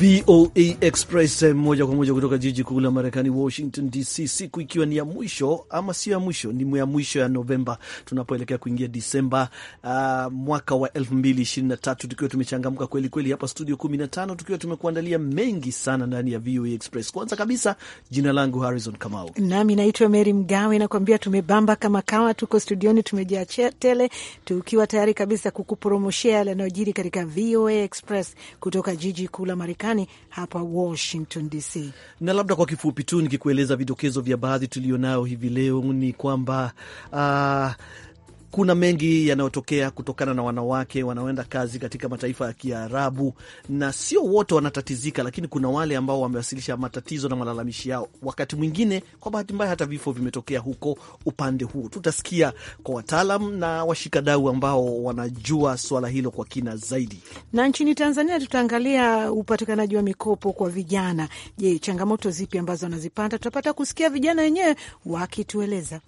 VOA Express moja kwa moja kutoka jiji kuu la Marekani, Washington DC, siku ikiwa ni ya mwisho ama sio ya mwisho, ni ya mwisho ya Novemba tunapoelekea kuingia Disemba uh, mwaka wa 2023 tukiwa tumechangamka kweli kweli hapa studio 15 tukiwa tumekuandalia mengi sana ndani ya VOA Express. Kwanza kabisa, jina langu Harrison Kamau, nami naitwa Mary Mgawe, nakuambia tumebamba kama kawa, tuko studioni tumejaa tele, tukiwa tayari kabisa kukupromoshea yale yanayojiri katika VOA Express kutoka jiji kuu la Marekani Marekani hapa Washington DC. Na labda kwa kifupi tu nikikueleza vidokezo vya baadhi tuliyonayo hivi leo ni kwamba uh, kuna mengi yanayotokea kutokana na wanawake wanaoenda kazi katika mataifa ya Kiarabu, na sio wote wanatatizika, lakini kuna wale ambao wamewasilisha matatizo na malalamishi yao. Wakati mwingine, kwa bahati mbaya, hata vifo vimetokea huko upande huo Tutasikia kwa wataalam na washikadau ambao wanajua swala hilo kwa kina zaidi. Na nchini Tanzania tutaangalia upatikanaji wa mikopo kwa vijana. Je, changamoto zipi ambazo wanazipata? Tutapata kusikia vijana wenyewe wakitueleza,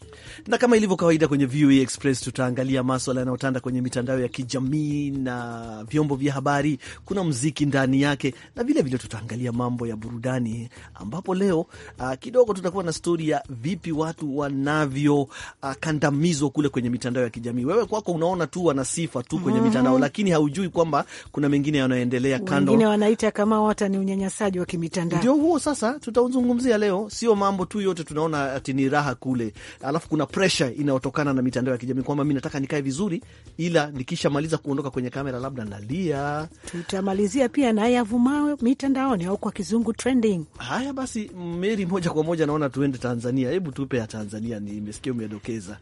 na kama ilivyo kawaida kwenye VOA e Express tutaangalia maswala yanayotanda kwenye mitandao ya kijamii na vyombo vya habari, kuna mziki ndani yake, na vilevile tutaangalia mambo ya burudani, ambapo leo uh, kidogo tutakuwa na stori ya vipi watu wanavyokandamizwa ah, uh, kule kwenye mitandao ya kijamii. Wewe kwako unaona tu wana sifa tu kwenye mm -hmm. mitandao, lakini haujui kwamba kuna mengine yanayoendelea kando, wengine wanaita kama wata ni unyanyasaji wa kimitandao. Ndio huo sasa tutauzungumzia leo, sio mambo tu yote tunaona ati ni raha kule, alafu kuna presha inayotokana na mitandao ya kijamii kwamba kwamba mi nataka nikae vizuri, ila nikishamaliza kuondoka kwenye kamera labda nalia. Tutamalizia pia na mitandaoni au kwa kizungu trending. Haya basi, Meri, moja kwa moja naona tuende Tanzania. Hebu tupe ya Tanzania, nimesikia umedokeza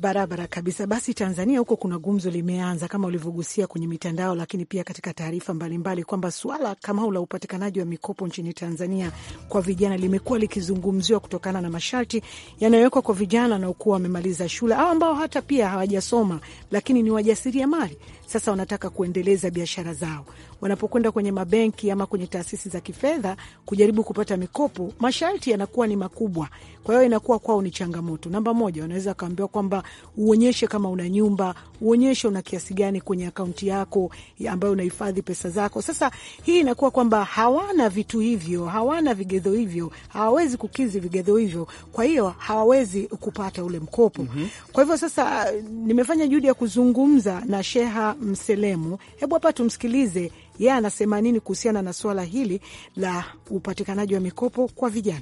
barabara kabisa. Basi Tanzania huko kuna gumzo limeanza kama ulivyogusia kwenye mitandao, lakini pia katika taarifa mbalimbali kwamba suala kama la upatikanaji wa mikopo nchini Tanzania kwa vijana limekuwa likizungumziwa kutokana na masharti yanayowekwa kwa vijana wanaokuwa wamemaliza shule au ambao hata pia hawajasoma lakini ni wajasiriamali sasa wanataka kuendeleza biashara zao. Wanapokwenda kwenye mabenki ama kwenye taasisi za kifedha kujaribu kupata mikopo, masharti yanakuwa ni makubwa, kwa hiyo inakuwa kwao ni changamoto. Namba moja, wanaweza wakaambiwa kwamba uonyeshe kama una nyumba, uonyeshe una kiasi gani kwenye akaunti yako ambayo unahifadhi pesa zako. Sasa hii inakuwa kwamba hawana vitu hivyo, hawana vigezo hivyo, hawawezi kukizi vigezo hivyo, kwa hiyo hawawezi kupata ule mkopo. Mhm. Kwa hivyo sasa, eh, nimefanya juhudi ya kuzungumza na sheha Mselemu. Hebu hapa tumsikilize yeye anasema nini kuhusiana na suala hili la upatikanaji wa mikopo kwa vijana.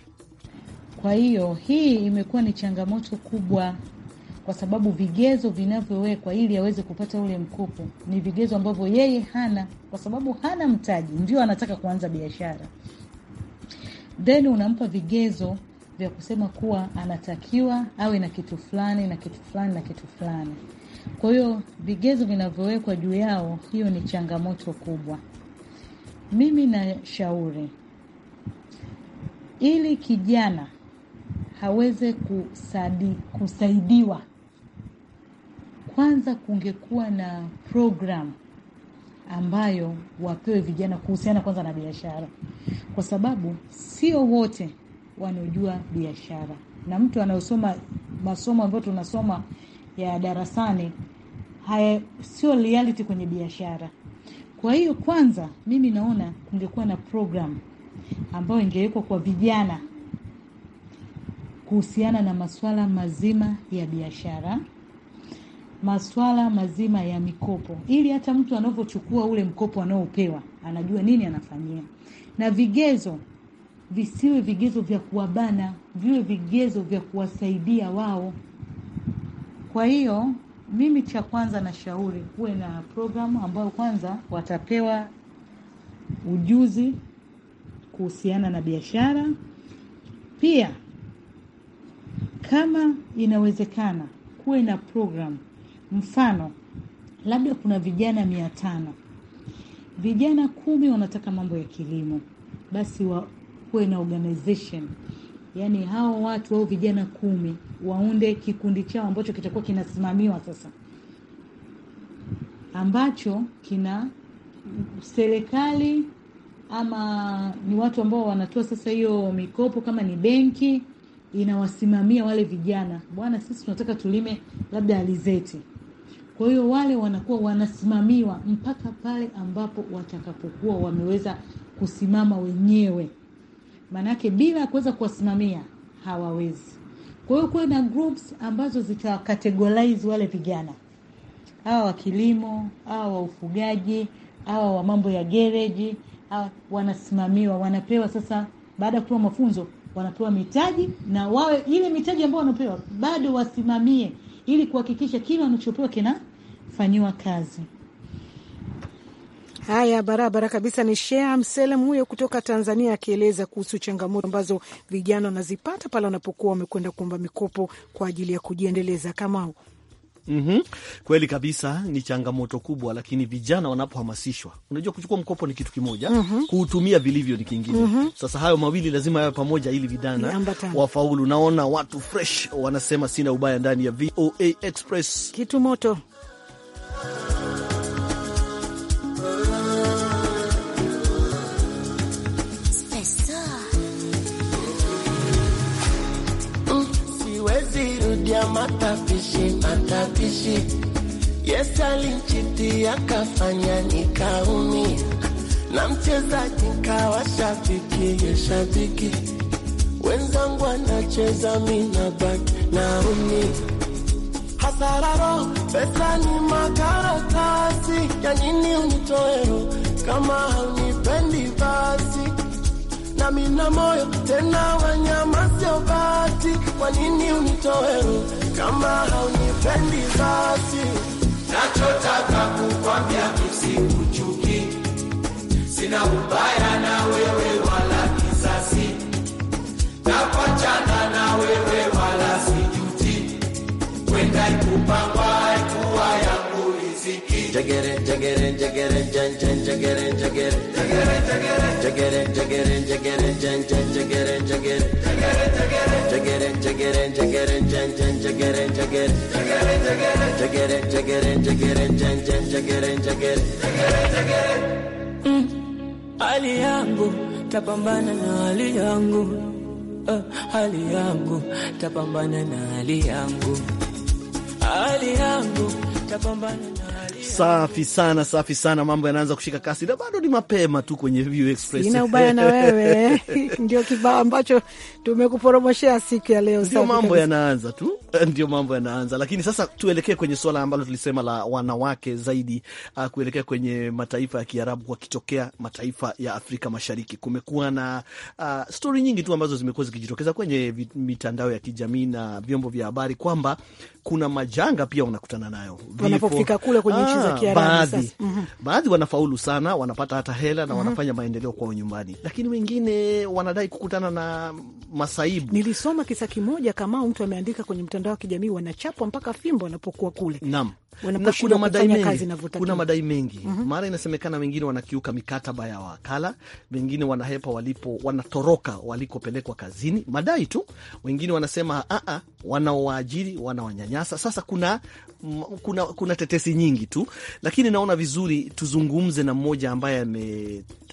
Kwa hiyo hii imekuwa ni changamoto kubwa, kwa sababu vigezo vinavyowekwa ili aweze kupata ule mkopo ni vigezo ambavyo yeye hana, kwa sababu hana mtaji, ndio anataka kuanza biashara, then unampa vigezo vya kusema kuwa anatakiwa awe na kitu fulani na kitu fulani na kitu fulani. Kwa hiyo vigezo vinavyowekwa juu yao, hiyo ni changamoto kubwa. Mimi nashauri ili kijana haweze kusadi, kusaidiwa, kwanza kungekuwa na programu ambayo wapewe vijana kuhusiana kwanza na biashara, kwa sababu sio wote wanaojua biashara, na mtu anayosoma masomo ambayo tunasoma ya darasani haya sio reality kwenye biashara. Kwa hiyo kwanza, mimi naona kungekuwa na program ambayo ingewekwa kwa vijana kuhusiana na masuala mazima ya biashara, masuala mazima ya mikopo, ili hata mtu anavyochukua ule mkopo anaopewa anajua nini anafanyia, na vigezo visiwe vigezo vya kuwabana, viwe vigezo vya kuwasaidia wao. Kwa hiyo mimi cha kwanza nashauri kuwe na programu ambayo kwanza watapewa ujuzi kuhusiana na biashara. Pia kama inawezekana, kuwe na programu, mfano labda kuna vijana mia tano, vijana kumi wanataka mambo ya kilimo, basi wa kuwe na organization yani hao watu au vijana kumi waunde kikundi chao ambacho kitakuwa kinasimamiwa sasa, ambacho kina serikali ama ni watu ambao wanatoa sasa hiyo mikopo, kama ni benki inawasimamia wale vijana, bwana, sisi tunataka tulime labda alizeti. Kwa hiyo wale wanakuwa wanasimamiwa mpaka pale ambapo watakapokuwa wameweza kusimama wenyewe maanake bila kuweza kuwasimamia hawawezi. Kwa hiyo kuwe na groups ambazo zitawakategorize wale vijana hawa wa kilimo, hawa wa ufugaji, hawa wa mambo ya gereji, hawa wanasimamiwa, wanapewa sasa. Baada ya kupewa mafunzo, wanapewa mitaji na wawe, ile mitaji ambayo wanapewa bado wasimamie, ili kuhakikisha kile wanachopewa kinafanyiwa kazi. Haya, barabara kabisa. Ni Shea Mselem huyo kutoka Tanzania akieleza kuhusu changamoto ambazo vijana wanazipata pale wanapokuwa wamekwenda kuomba mikopo kwa ajili ya kujiendeleza kama Mm -hmm. Kweli kabisa ni changamoto kubwa, lakini vijana wanapohamasishwa, unajua kuchukua mkopo ni kitu kimoja, mm -hmm. kuutumia vilivyo ni kingine. mm -hmm. Sasa hayo mawili lazima yawe pamoja ili vijana wafaulu. Naona watu fresh wanasema sina ubaya ndani ya VOA Express, kitu moto ya matapishi matapishi. Yes, alinchitia kafanya nikaumia, na mchezaji nkawa shabiki ya shabiki, wenzangu anacheza mina baki naumia, hasararo pesa ni makaratasi ya nini unitoero kama haunipendi basi na mina moyo tena, wanyama sio bati. Kwa nini unitoe kama haunipendi? Basi nachotaka kukwambia msikuchuki, sina ubaya na wewe wala kisasi, napachana na wewe wala sijuti, kwenda ikupangwa haikuwa yangu riziki Jagger it, jagger it, jagger it, jan jan jagger it, jagger it. Jagger it, jagger Jagger it, jagger it, jagger it, jan jan jagger it, jagger it. Jagger it, jagger Jagger it, jagger jan jan jagger it, jagger it. Jagger it, jagger jan jan jagger it, jagger it. Hali yangu tapambana na hali yangu. Hali yangu tapambana na hali yangu. Hali yangu tapambana na Safi sana, safi sana, mambo yanaanza kushika kasi na bado ni mapema tu kwenye View Express. ubaya na wewe ndio kibao ambacho tumekuporomoshea siku ya leo. Ndio mambo yanaanza tu, ndio mambo yanaanza. Lakini sasa tuelekee kwenye suala ambalo tulisema la wanawake zaidi, uh, kuelekea kwenye mataifa ya Kiarabu wakitokea mataifa ya Afrika Mashariki. Kumekuwa na uh, stori nyingi tu ambazo zimekuwa zikijitokeza kwenye mitandao ya kijamii na vyombo vya habari kwamba kuna majanga pia wanakutana nayo wanapofika kule kwenye ah, Ah, baadhi mhm. Baadhi wanafaulu sana, wanapata hata hela na mm -hmm. wanafanya maendeleo kwao nyumbani, lakini wengine wanadai kukutana na masaibu. Nilisoma kisa kimoja kama mtu ameandika kwenye mtandao wa kijamii, wanachapwa mpaka fimbo wanapokuwa kule. Naam na kuna madai mengi, kuna madai mengi mm -hmm. Mara inasemekana wengine wanakiuka mikataba ya wakala, wengine wanahepa walipo, wanatoroka walikopelekwa kazini, madai tu. Wengine wanasema a ah, a, ah, wanaowaajiri wanawanyanyasa. Sasa kuna, kuna, kuna tetesi nyingi tu, lakini naona vizuri tuzungumze na mmoja ambaye ame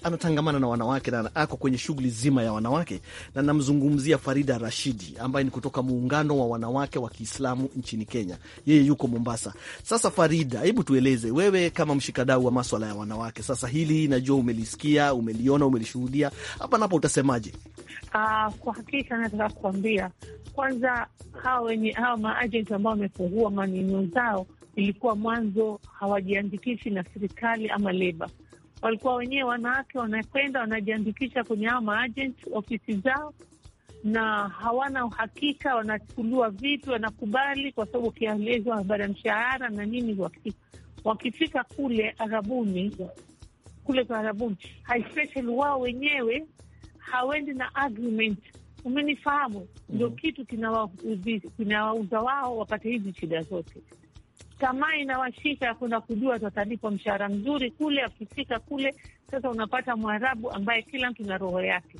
anatangamana na wanawake na ako kwenye shughuli zima ya wanawake, na namzungumzia Farida Rashidi ambaye ni kutoka muungano wa wanawake wa Kiislamu nchini Kenya. Yeye yuko Mombasa. Sasa Farida, hebu tueleze wewe kama mshikadau wa maswala ya wanawake, sasa hili najua umelisikia, umeliona, umelishuhudia, hapa napo utasemaje? Uh, kwa hakika nataka kuambia kwanza, hawa wenye hawa maajenti ambao wamefungua maneno zao ilikuwa mwanzo hawajiandikishi na serikali ama leba walikuwa wenyewe wanawake wanakwenda wanajiandikisha kwenye hao maagent ofisi zao, na hawana uhakika, wanachukuliwa vitu wanakubali kwa sababu ukielezwa habari ya mshahara na nini, wakifika kule Arabuni, kule kwa Arabuni especially wao wenyewe hawendi na agreement, umenifahamu? Ndio mm -hmm. Kitu kinawauza kina wao wapate hizi shida zote tamaa inawashika, kuna kujua atalipwa mshahara mzuri kule, akifika kule sasa unapata mwarabu ambaye kila mtu na roho yake,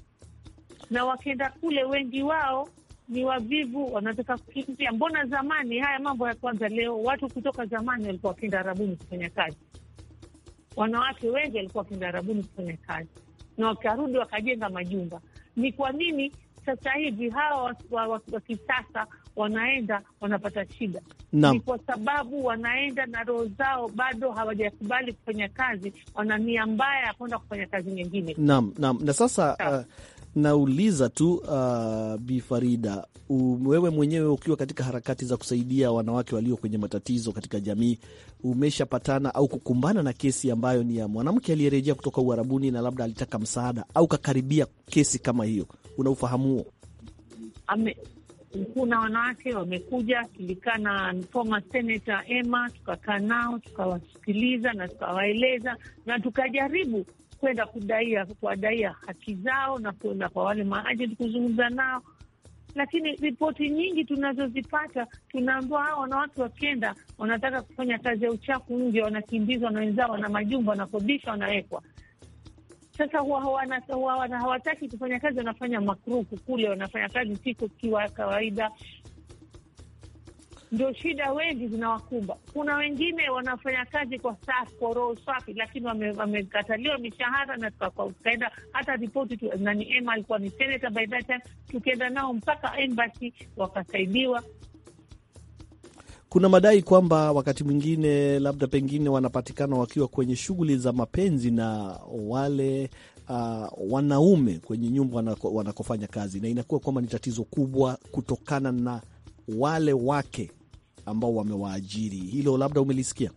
na wakienda kule wengi wao ni wavivu, wanataka kukimbia. Mbona zamani haya mambo ya kwanza leo? Watu kutoka zamani walikuwa wakienda arabuni kufanya kazi, wanawake wengi walikuwa wakienda arabuni kufanya kazi na wakarudi wakajenga majumba. Ni kwa nini sasa hivi hawa wa kisasa wanaenda wanapata shida Ni kwa sababu wanaenda na roho zao bado hawajakubali kufanya kazi, wana nia mbaya ya kwenda kufanya kazi nyingine. Naam, naam. Na sasa uh, nauliza tu uh, Bi Farida, wewe mwenyewe ukiwa katika harakati za kusaidia wanawake walio kwenye matatizo katika jamii, umeshapatana au kukumbana na kesi ambayo ni ya mwanamke aliyerejea kutoka Uarabuni na labda alitaka msaada au kakaribia kesi kama hiyo? Una ufahamu huo? mkuu na wanawake wamekuja na former senator Emma, tukakaa nao tukawasikiliza na tukawaeleza na tukajaribu kwenda kudaia kuwadaia haki zao na kuenda kwa wale maajenti kuzungumza nao, lakini ripoti nyingi tunazozipata tunaambiwa hao wanawake wakienda wanataka kufanya kazi ya uchafu nje, wanakimbizwa na wenzao, wana majumba wanakodisha, wanawekwa sasa huwa hawataki kufanya kazi, wanafanya makuruku kule, wanafanya kazi siku kiwa kawaida. Ndio shida wengi zinawakumba. Kuna wengine wanafanya kazi kwa safi, kwa roho safi, lakini wamekataliwa wame mishahara na tukaenda hata ripoti tu, nani ema alikuwa ni seneta by that time, tukienda nao mpaka embassy wakasaidiwa kuna madai kwamba wakati mwingine labda pengine wanapatikana wakiwa kwenye shughuli za mapenzi na wale uh, wanaume kwenye nyumba wanako, wanakofanya kazi, na inakuwa kwamba ni tatizo kubwa kutokana na wale wake ambao wamewaajiri. Hilo labda umelisikia?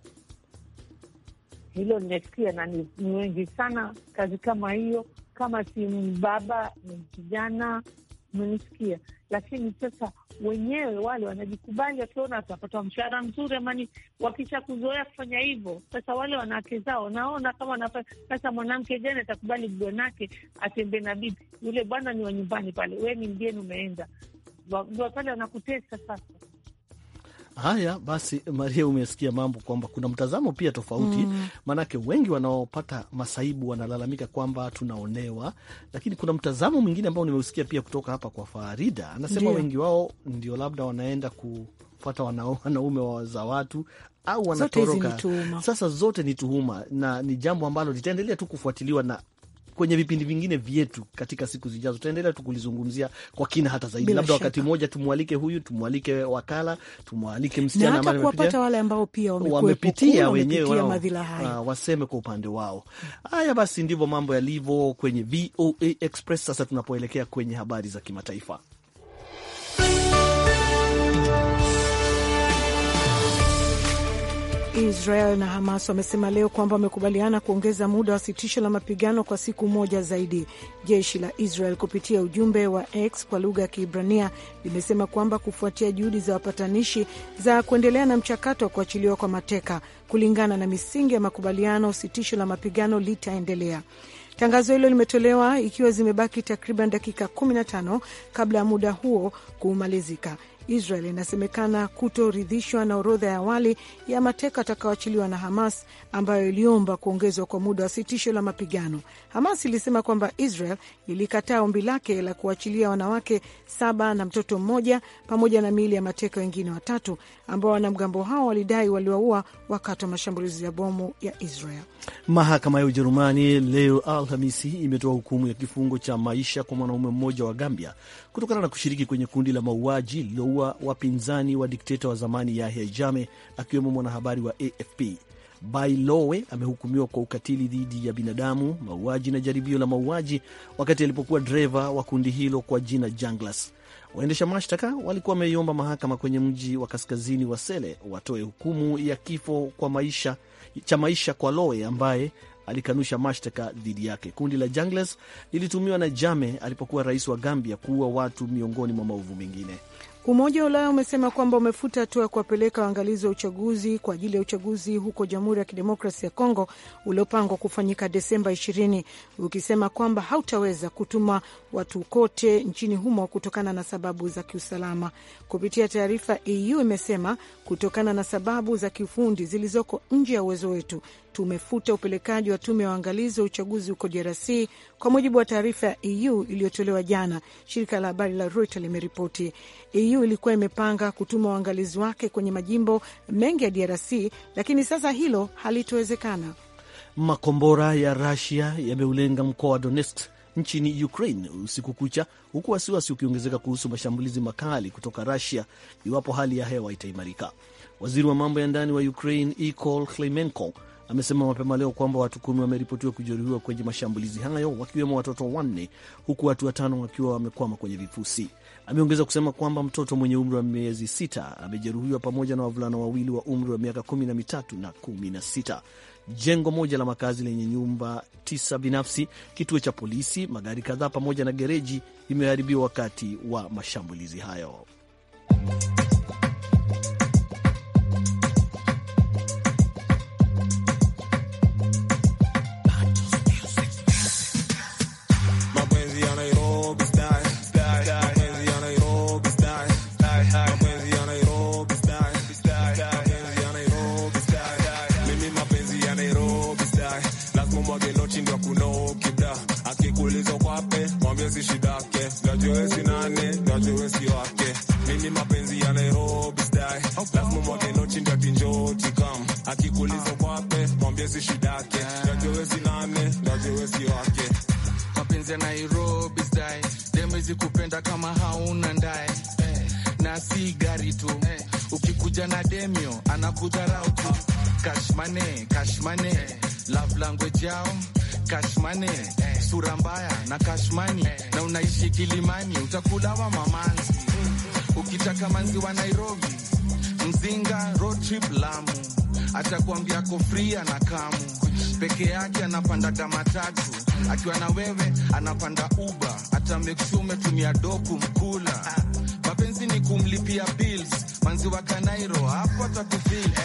Hilo nimesikia na ni wengi sana. Kazi kama hiyo, kama si mbaba ni kijana, umenisikia lakini sasa wenyewe wale wanajikubali, wakiona watapata mshahara mzuri amani, wakisha kuzoea kufanya hivyo. Sasa wale wanawake zao wanaona kama wanafanya sasa. Mwanamke jani atakubali bwanake atembee na bibi yule? Bwana ni wa nyumbani pale, we ni mgeni, umeenda pale, wanakutesa sasa Haya basi, Maria, umesikia mambo kwamba kuna mtazamo pia tofauti mm. Maanake wengi wanaopata masaibu wanalalamika kwamba tunaonewa, lakini kuna mtazamo mwingine ambao nimeusikia pia kutoka hapa kwa Farida, anasema wengi wao ndio labda wanaenda kufuata wanaume za watu au wanatoroka. Sasa zote ni tuhuma na ni jambo ambalo litaendelea tu kufuatiliwa na kwenye vipindi vingine vyetu katika siku zijazo, tutaendelea tu kulizungumzia kwa kina hata zaidi. Labda wakati mmoja tumwalike huyu, tumwalike wakala, tumwalike msichana ambaye amepata, wale ambao pia wamepitia wenyewe madhila ah, haya, waseme kwa upande wao. Haya basi, ndivyo mambo yalivyo kwenye VOA Express. Sasa tunapoelekea kwenye habari za kimataifa Israel na Hamas wamesema leo kwamba wamekubaliana kuongeza muda wa sitisho la mapigano kwa siku moja zaidi. Jeshi la Israel kupitia ujumbe wa X kwa lugha ya Kiibrania limesema kwamba kufuatia juhudi za wapatanishi za kuendelea na mchakato wa kuachiliwa kwa mateka kulingana na misingi ya makubaliano, sitisho la mapigano litaendelea. Tangazo hilo limetolewa ikiwa zimebaki takriban dakika 15 kabla ya muda huo kumalizika. Israel inasemekana kutoridhishwa na orodha ya awali ya mateka atakaoachiliwa na Hamas ambayo iliomba kuongezwa kwa muda wa sitisho la mapigano. Hamas ilisema kwamba Israel ilikataa ombi lake la kuachilia wanawake saba na mtoto mmoja pamoja na miili ya mateka wengine watatu ambao wanamgambo hao walidai waliwaua wakati wa mashambulizi ya bomu ya Israel. Mahakama ya Ujerumani leo Alhamisi imetoa hukumu ya kifungo cha maisha kwa mwanaume mmoja wa Gambia kutokana na kushiriki kwenye kundi la mauaji lililoua wapinzani wa dikteta wa zamani Yahya Jammeh, akiwemo mwanahabari wa AFP. Bailowe amehukumiwa kwa ukatili dhidi ya binadamu, mauaji na jaribio la mauaji wakati alipokuwa dreva wa kundi hilo kwa jina Janglas. Waendesha mashtaka walikuwa wameiomba mahakama kwenye mji wa kaskazini wa Sele watoe hukumu ya kifo kwa maisha, cha maisha kwa Lowe ambaye alikanusha mashtaka dhidi yake. Kundi la Junglers lilitumiwa na Jame alipokuwa rais wa Gambia kuua watu, miongoni mwa maovu mengine. Umoja wa Ulaya umesema kwamba umefuta hatua ya kuwapeleka waangalizi wa uchaguzi kwa ajili ya uchaguzi huko Jamhuri ya Kidemokrasi ya Kongo uliopangwa kufanyika Desemba 20 ukisema kwamba hautaweza kutuma watu kote nchini humo kutokana na sababu za kiusalama. Kupitia taarifa, EU imesema kutokana na sababu za kiufundi zilizoko nje ya uwezo wetu, tumefuta upelekaji wa tume ya uangalizi wa uchaguzi huko DRC kwa mujibu wa taarifa ya EU iliyotolewa jana, shirika la habari la Reuters limeripoti. EU ilikuwa imepanga kutuma uangalizi wake kwenye majimbo mengi ya DRC, lakini sasa hilo halitowezekana. Makombora ya Rusia yameulenga mkoa wa Donetsk nchini Ukraine usiku kucha, huku wasiwasi ukiongezeka kuhusu mashambulizi makali kutoka Rusia iwapo hali ya hewa itaimarika. Waziri wa mambo ya ndani wa Ukraine Igor Klimenko amesema mapema leo kwamba watu kumi wameripotiwa kujeruhiwa kwenye mashambulizi hayo wakiwemo watoto wanne huku watu watano wakiwa wamekwama kwenye vifusi. Ameongeza kusema kwamba mtoto mwenye umri wa miezi sita amejeruhiwa pamoja na wavulana wawili wa umri wa miaka kumi na mitatu na kumi na sita. Jengo moja la makazi lenye nyumba tisa binafsi, kituo cha polisi, magari kadhaa pamoja na gereji vimeharibiwa wakati wa mashambulizi hayo. kashmane eh, sura mbaya na kashmani na unaishi Kilimani, utakulawa mamanzi ukitaka manzi wa Nairobi, Mzinga, road trip Lamu, atakuambia kofria na kamu peke yake anapanda damatatu akiwa na wewe anapanda uba hata meksu umetumia doku mkula mapenzi ni kumlipia bills manzi wa Kanairo hapo atakufil eh.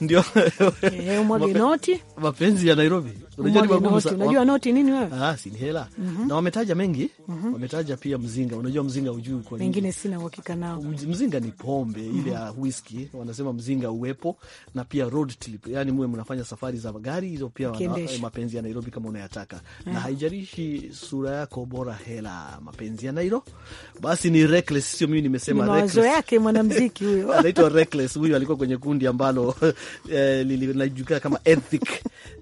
ndio eh, umwage noti. Mapenzi ya Nairobi, unajua ni magumu sana. Unajua noti nini wewe? Ah, si hela. mm -hmm. Na wametaja mengi, mm -hmm. wametaja pia mzinga. Unajua mzinga ujui kwa nini? Mengine sina uhakika nao. Mzinga ni pombe mhm. ile ya whisky, wanasema mzinga uwepo, na pia road trip, yani mwe mnafanya safari za magari hizo, pia eh, mapenzi ya Nairobi kama unayataka, na eh. haijarishi sura yako, bora hela. Mapenzi ya Nairobi basi ni reckless, sio mimi nimesema reckless. Mawazo yake mwanamuziki huyo anaitwa reckless, huyo alikuwa kwenye kundi ambalo eh, linajulikana kama Ethic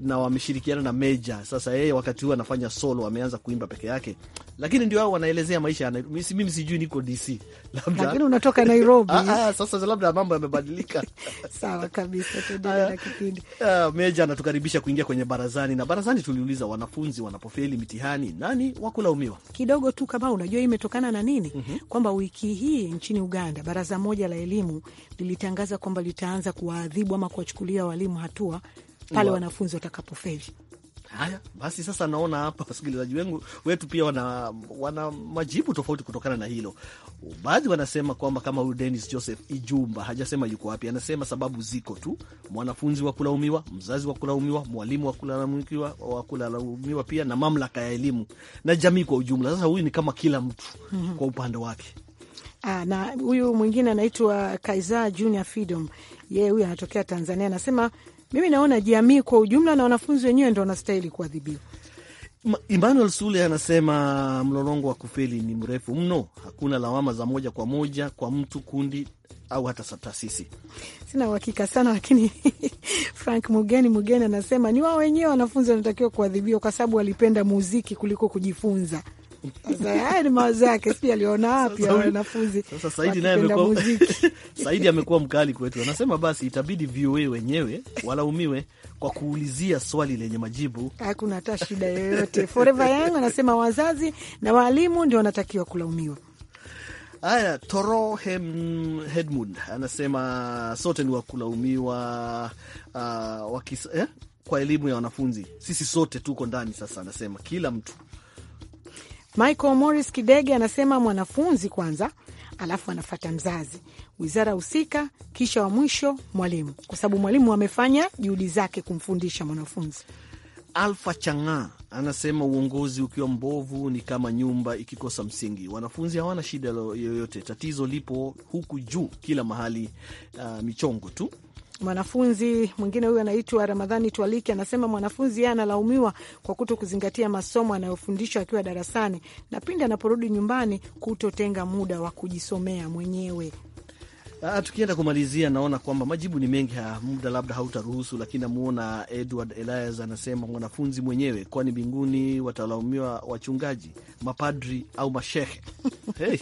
na wameshirikiana na Meja. Sasa yeye wakati huu anafanya solo, ameanza kuimba peke yake, lakini ndio hao wanaelezea maisha. Mimi sijui niko DC, labda lakini unatoka Nairobi. Ah, ah, sasa labda mambo yamebadilika. Sawa kabisa, tuendelee na kipindi. Ah, Meja anatukaribisha kuingia kwenye barazani, na barazani tuliuliza, wanafunzi wanapofeli mitihani nani wa kulaumiwa? Kidogo tu kama unajua, imetokana na nini? mm -hmm. kwamba wiki hii nchini Uganda baraza moja la elimu lilitangaza kwamba litaanza kuwaadhibu ama kuwachukulia walimu hatua pale wanafunzi watakapofeli. Haya basi, sasa naona hapa wasikilizaji wengu wetu pia wana, wana majibu tofauti kutokana na hilo. Baadhi wanasema kwamba kama huyu denis Joseph Ijumba, hajasema yuko wapi, anasema sababu ziko tu: mwanafunzi wa kulaumiwa, mzazi wa kulaumiwa, mwalimu wa wa kulalaumiwa pia na mamlaka ya elimu na jamii kwa ujumla. Sasa huyu ni kama kila mtu mhm. kwa upande wake Ah, na huyu mwingine anaitwa Kaiza Junior Freedom, yeye huyu anatokea Tanzania, anasema mimi naona jamii kwa ujumla na wanafunzi wenyewe ndo wanastahili kuadhibiwa. Emmanuel Sule anasema mlolongo wa kufeli ni mrefu mno, hakuna lawama za moja kwa moja kwa mtu, kundi au hata taasisi. Sina uhakika sana lakini Frank Mugeni Mugeni anasema ni wao wenyewe wanafunzi wanatakiwa kuadhibiwa kwa sababu walipenda muziki kuliko kujifunza. Sasa haya ni mawazo yake, sijui aliona wapi ya wanafunzi. Sasa Saidi naye amekuwa Saidi amekuwa mkali kwetu, anasema basi itabidi VOA wenyewe walaumiwe kwa kuulizia swali lenye majibu. Hakuna hata shida yoyote. Forever Young anasema wazazi na waalimu ndio wanatakiwa kulaumiwa. Haya, Toro Hedmund anasema sote ni wakulaumiwa uh, wakis, eh, kwa elimu ya wanafunzi sisi sote tuko ndani. Sasa anasema kila mtu Michael Morris Kidege anasema mwanafunzi kwanza, alafu anafata mzazi, wizara husika, kisha wa mwisho mwalimu, kwa sababu mwalimu amefanya juhudi zake kumfundisha mwanafunzi. Alfa Changa anasema uongozi ukiwa mbovu ni kama nyumba ikikosa msingi. Wanafunzi hawana shida yoyote, tatizo lipo huku juu kila mahali, uh, michongo tu. Mwanafunzi mwingine huyu anaitwa Ramadhani Twaliki anasema mwanafunzi yeye analaumiwa kwa kuto kuzingatia masomo anayofundishwa akiwa darasani na pindi anaporudi nyumbani kutotenga muda wa kujisomea mwenyewe. Ah, tukienda kumalizia, naona kwamba majibu ni mengi haya, muda labda hautaruhusu, lakini namuona Edward Elias anasema mwanafunzi mwenyewe, kwani mbinguni watalaumiwa wachungaji, mapadri au mashehe. Hey,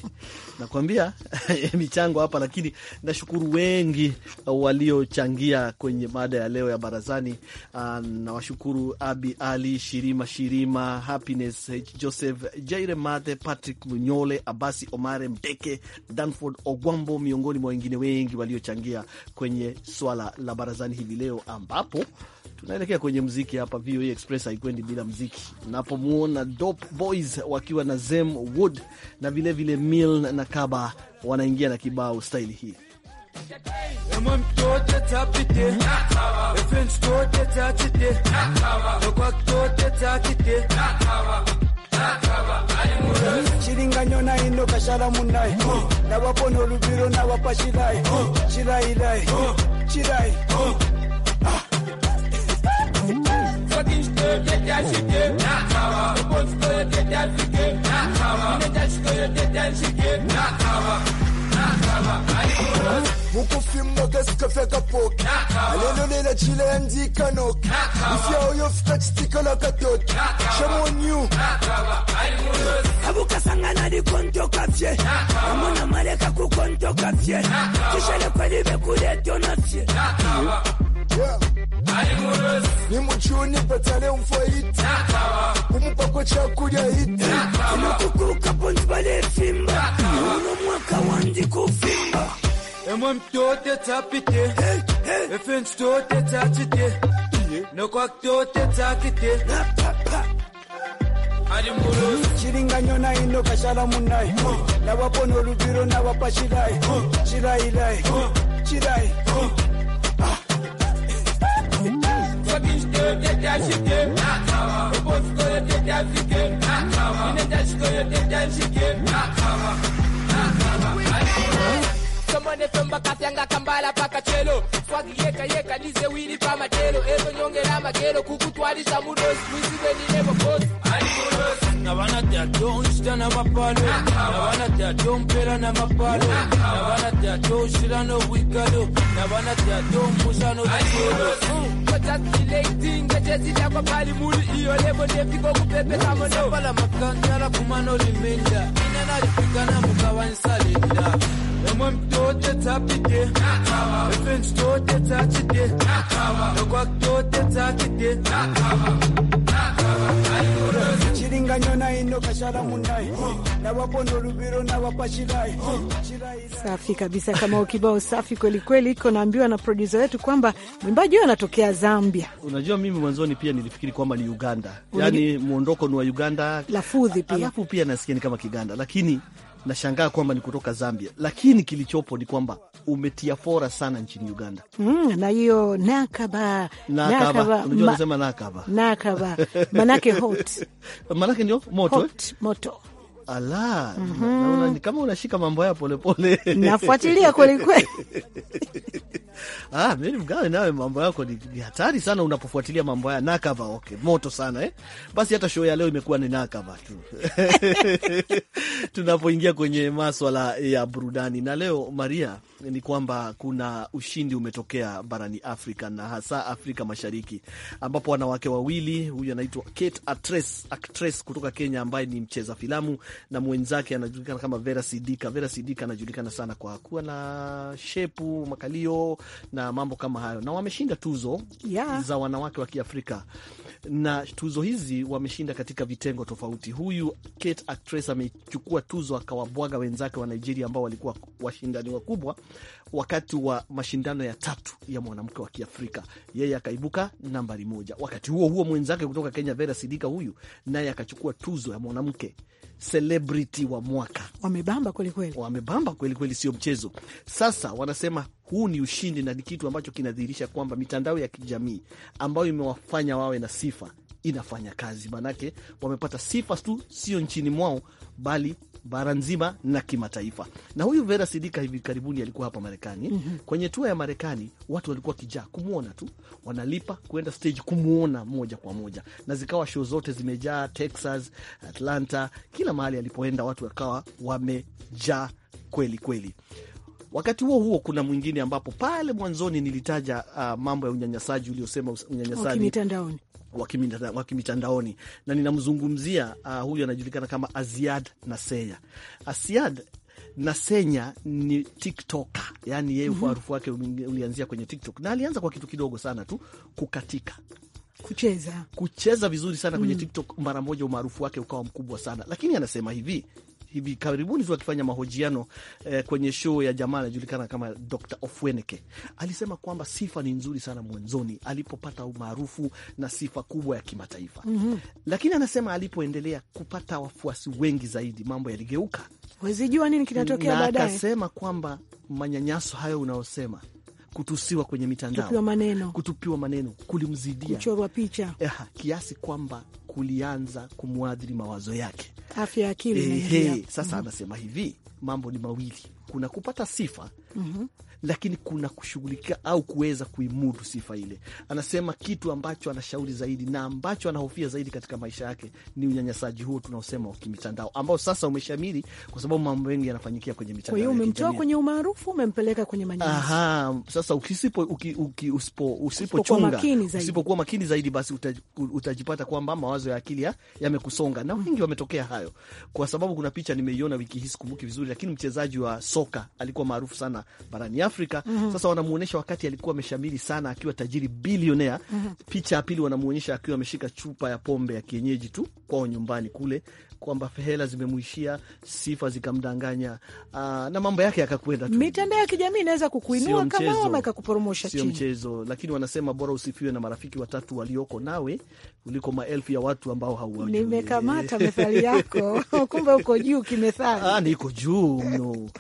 nakwambia michango hapa, lakini nashukuru wengi waliochangia kwenye mada ya leo ya barazani. Uh, nawashukuru Abi Ali Shirima Shirima, Happiness Joseph Jaire Mathe, Patrick Munyole, Abasi Omare Mbeke, Danford Ogwambo, miongoni mwa wengine wengi waliochangia kwenye swala la barazani hivi leo, ambapo tunaelekea kwenye mziki hapa. VOA Express haikwendi bila mziki. Napomwona Dope Boys wakiwa na Zem Wood na vilevile Mil na Kaba wanaingia na kibao staili hii kiringanya naye nno kasala munnaye nabapona olubiro nabapa kirayi kirayirayi kirayi Not power. Ah mukufim nogeske fega poki alelolela jile yandika noki ifyao yofika chitikala katoti shamonyu abukasangana likonto kafye amona maleka kukonto kafye tushelekwelibe kuletonafye Yeah. nimuchuni patale umfaiti kumupa chakurya hiti inokukuka bonzi balefimba uno mwaka wandi kufimba Emom tote tapite efen tote tatite Nokwak tote takite chiringanyo hmm, naino kashala munai nabapona oluviro nabapa shirai shirailai shirai Nakama. Nakama. Nakama kamane femba katyanga kambala paka chelo swagiyeka yeka lize wili pa matelo nyongera magelo kukutwalisa mudosi wizivenilemo kosi nabana tatyo nshita n'amapalo nabana tatyo mpera n'amapalo nabana tatyo nshira n'obwikalo nabana tatyo mpusa n'obukolo kotasiletinga kyesitakwa pali muli iyo lebo nepika no pala makanyala kumano liminda inenalipikana mukabanyisalenda Safi kabisa kama ukibao safi kwelikweli iko naambiwa na produsa wetu kwamba mwimbaji huyo anatokea Zambia. Unajua, mimi mwanzoni pia nilifikiri kwamba ni Uganda, yaani mwondoko ni wa Uganda, lafudhi pia, alafu pia nasikia ni kama Kiganda, lakini nashangaa kwamba ni kutoka Zambia, lakini kilichopo ni kwamba umetia fora sana nchini Uganda. Mm, na hiyo nakaba nakaba, unajua nasema nakaba nakaba, manake hot, manake ndio moto hot, moto Ala, mm -hmm. kama unashika mambo haya polepole. Nafuatilia kweli kweli. Ah, Mgawe, nawe mambo yako ni hatari sana unapofuatilia mambo haya nakava. Okay, moto sana eh? Basi hata show ya leo imekuwa ni nakava tu tunapoingia kwenye maswala ya burudani na leo Maria ni kwamba kuna ushindi umetokea barani Afrika na hasa Afrika Mashariki, ambapo wanawake wawili, huyu anaitwa Kate Actress, actress kutoka Kenya ambaye ni mcheza filamu na mwenzake anajulikana kama Vera Sidika. Vera Sidika anajulikana sana kwa kuwa na shepu, makalio na mambo kama hayo, na wameshinda tuzo yeah, za wanawake wa Kiafrika na tuzo hizi wameshinda katika vitengo tofauti. Huyu Kate Actress amechukua tuzo akawabwaga wenzake wa Nigeria ambao walikuwa washindani wakubwa wakati wa mashindano ya tatu ya mwanamke wa Kiafrika, yeye akaibuka nambari moja. Wakati huo huo mwenzake kutoka Kenya Vera Sidika, huyu naye akachukua tuzo ya mwanamke celebrity wa mwaka. Wamebamba kwelikweli, wamebamba kwelikweli, sio mchezo. Sasa wanasema huu ni ushindi na ni kitu ambacho kinadhihirisha kwamba mitandao ya kijamii ambayo imewafanya wawe na sifa inafanya kazi, manake wamepata sifa tu, sio nchini mwao bali bara nzima na kimataifa. Na huyu Vera Sidika hivi karibuni alikuwa hapa Marekani. mm -hmm. Kwenye tua ya Marekani watu walikuwa kijaa kumwona tu, wanalipa kuenda stage kumwona moja kwa moja, na zikawa show zote zimejaa Texas, Atlanta, kila mahali alipoenda watu wakawa wamejaa kweli kweli. Wakati huo huo kuna mwingine ambapo pale mwanzoni nilitaja uh, mambo ya unyanyasaji uliosema, unyanyasaji okay, oh, mitandaoni wa kimitandaoni, na ninamzungumzia uh, huyu anajulikana kama Aziad Naseya. Aziad Nasenya ni TikToker, yaani yeye mhm. umaarufu wake ulianzia kwenye TikTok na alianza kwa kitu kidogo sana tu, kukatika kucheza kucheza vizuri sana kwenye mm. TikTok. Mara moja umaarufu wake ukawa mkubwa sana, lakini anasema hivi hivi karibuni tu akifanya mahojiano eh, kwenye show ya jamaa anajulikana kama Dr. Ofweneke, alisema kwamba sifa ni nzuri sana mwanzoni alipopata umaarufu na sifa kubwa ya kimataifa mm -hmm. Lakini anasema alipoendelea kupata wafuasi wengi zaidi mambo yaligeuka, wezijua nini kinatokea baadaye. Akasema kwamba manyanyaso hayo unaosema kutusiwa kwenye mitandao, kutupiwa maneno, kutupiwa maneno, kulimzidia, kuchorwa picha Eha, kiasi kwamba kulianza kumwadhiri mawazo yake, afya ya akili. Sasa mm -hmm. anasema hivi, mambo ni mawili, kuna kupata sifa mm -hmm lakini kuna kushughulikia au kuweza kuimudu sifa ile. Anasema kitu ambacho anashauri zaidi na ambacho anahofia zaidi katika maisha yake ni unyanyasaji huo tunaosema wa kimitandao, ambao sasa umeshamiri, kwa sababu mambo mengi yanafanyikia kwenye mitandao. Kwa hiyo umemtoa kwenye umaarufu, umempeleka kwenye manyanyaso. Aha, sasa uki, uki, usipo usipokuwa makini zaidi, basi utajipata kwamba mawazo ya akili yamekusonga na wengi wametokea hayo, kwa sababu kuna picha nimeiona wiki hii, sikumbuki vizuri, lakini mchezaji wa soka alikuwa maarufu sana barani Afrika Afrika mm -hmm. Sasa wanamuonyesha wakati alikuwa ameshamiri sana akiwa tajiri bilionea mm -hmm. Picha ya pili wanamuonyesha akiwa ameshika chupa ya pombe ya kienyeji tu kwao nyumbani kule kwamba hela zimemuishia, sifa zikamdanganya uh, na mambo yake yakakwenda tu. Mitandao ya kijamii inaweza kukuinua kama ikakuporomosha sio mchezo. Lakini wanasema bora usifiwe na marafiki watatu walioko nawe kuliko maelfu ya watu ambao hauwajui. Nimekamata methali yako kumbe uko juu kimethali. Ah, niko juu mno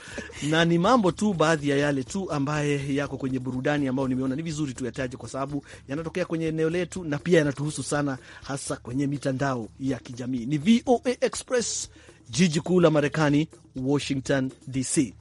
na ni mambo tu baadhi ya yale tu ambaye yako kwenye burudani ambayo nimeona ni vizuri yataje, kwa sababu yanatokea kwenye eneo letu na pia yanatuhusu sana, hasa kwenye mitandao ya kijamii. Ni VOA Express, jiji kuu la Marekani, Washington DC.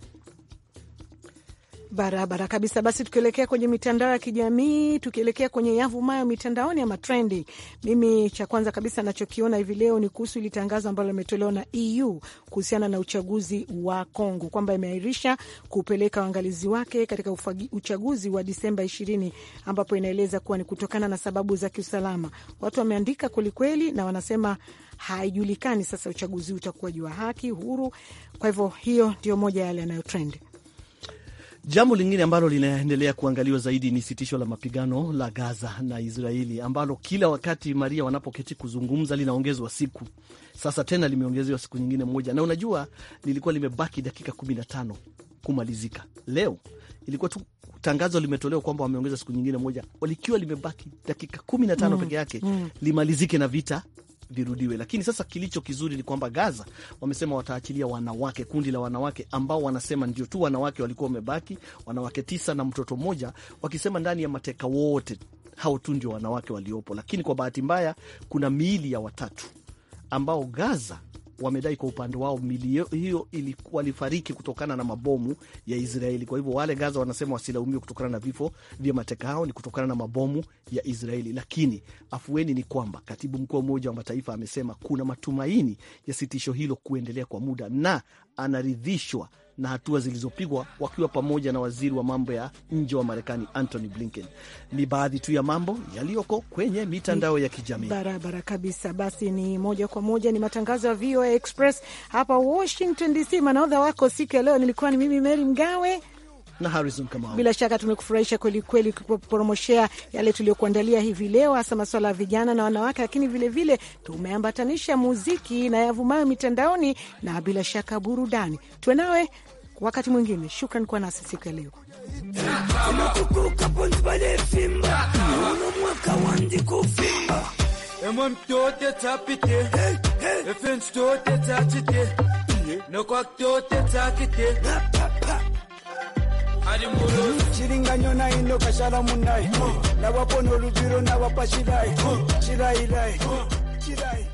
Barabara kabisa. Basi tukielekea kwenye mitandao ya kijamii, tukielekea kwenye yavumayo mitandaoni ama trendi, mimi cha kwanza kabisa nachokiona hivi leo ni kuhusu ili tangazo ambalo limetolewa na EU kuhusiana na uchaguzi wa Kongo kwamba imeahirisha kupeleka uangalizi wake katika ufagi, uchaguzi wa Disemba ishirini, ambapo inaeleza kuwa ni kutokana na sababu za kiusalama. Watu wameandika kwelikweli na wanasema haijulikani sasa uchaguzi huu utakuwaji wa haki huru. Kwa hivyo hiyo ndio moja yale yanayotrend. Jambo lingine ambalo linaendelea kuangaliwa zaidi ni sitisho la mapigano la Gaza na Israeli ambalo kila wakati Maria wanapoketi kuzungumza linaongezwa siku. Sasa tena limeongezewa siku nyingine moja, na unajua lilikuwa limebaki dakika kumi na tano kumalizika. Leo ilikuwa tu tangazo limetolewa kwamba wameongeza siku nyingine moja, likiwa limebaki dakika kumi na tano mm, peke yake mm, limalizike na vita virudiwe. Lakini sasa kilicho kizuri ni kwamba Gaza wamesema wataachilia wanawake, kundi la wanawake ambao wanasema ndio tu wanawake walikuwa wamebaki, wanawake tisa na mtoto mmoja, wakisema ndani ya mateka wote hao tu ndio wanawake waliopo. Lakini kwa bahati mbaya kuna miili ya watatu ambao Gaza wamedai kwa upande wao mili hiyo walifariki kutokana na mabomu ya Israeli. Kwa hivyo wale Gaza wanasema wasilaumiwe kutokana na vifo vya mateka hao, ni kutokana na mabomu ya Israeli. Lakini afueni ni kwamba katibu mkuu wa Umoja wa Mataifa amesema kuna matumaini ya sitisho hilo kuendelea kwa muda na anaridhishwa na hatua zilizopigwa wakiwa pamoja na waziri wa mambo ya nje wa Marekani Antony Blinken. Ni baadhi tu ya mambo yaliyoko kwenye mitandao ya kijamii barabara kabisa. Basi ni moja kwa moja ni matangazo ya VOA Express hapa Washington DC. Manaodha wako siku ya leo nilikuwa ni mimi mery Mgawe na Harrison Kamau. Bila shaka tumekufurahisha kwelikweli, kuporomoshea yale tuliyokuandalia hivi leo, hasa masuala ya vijana na wanawake, lakini vilevile tumeambatanisha muziki na yavumayo mitandaoni na bila shaka burudani. Tuwe nawe wakati mwingine. Shukran kwa nasi siku ya leo. chiringanyo naino kashala munayi nabakona oluviro nabapashilayi chilayilayi chilayi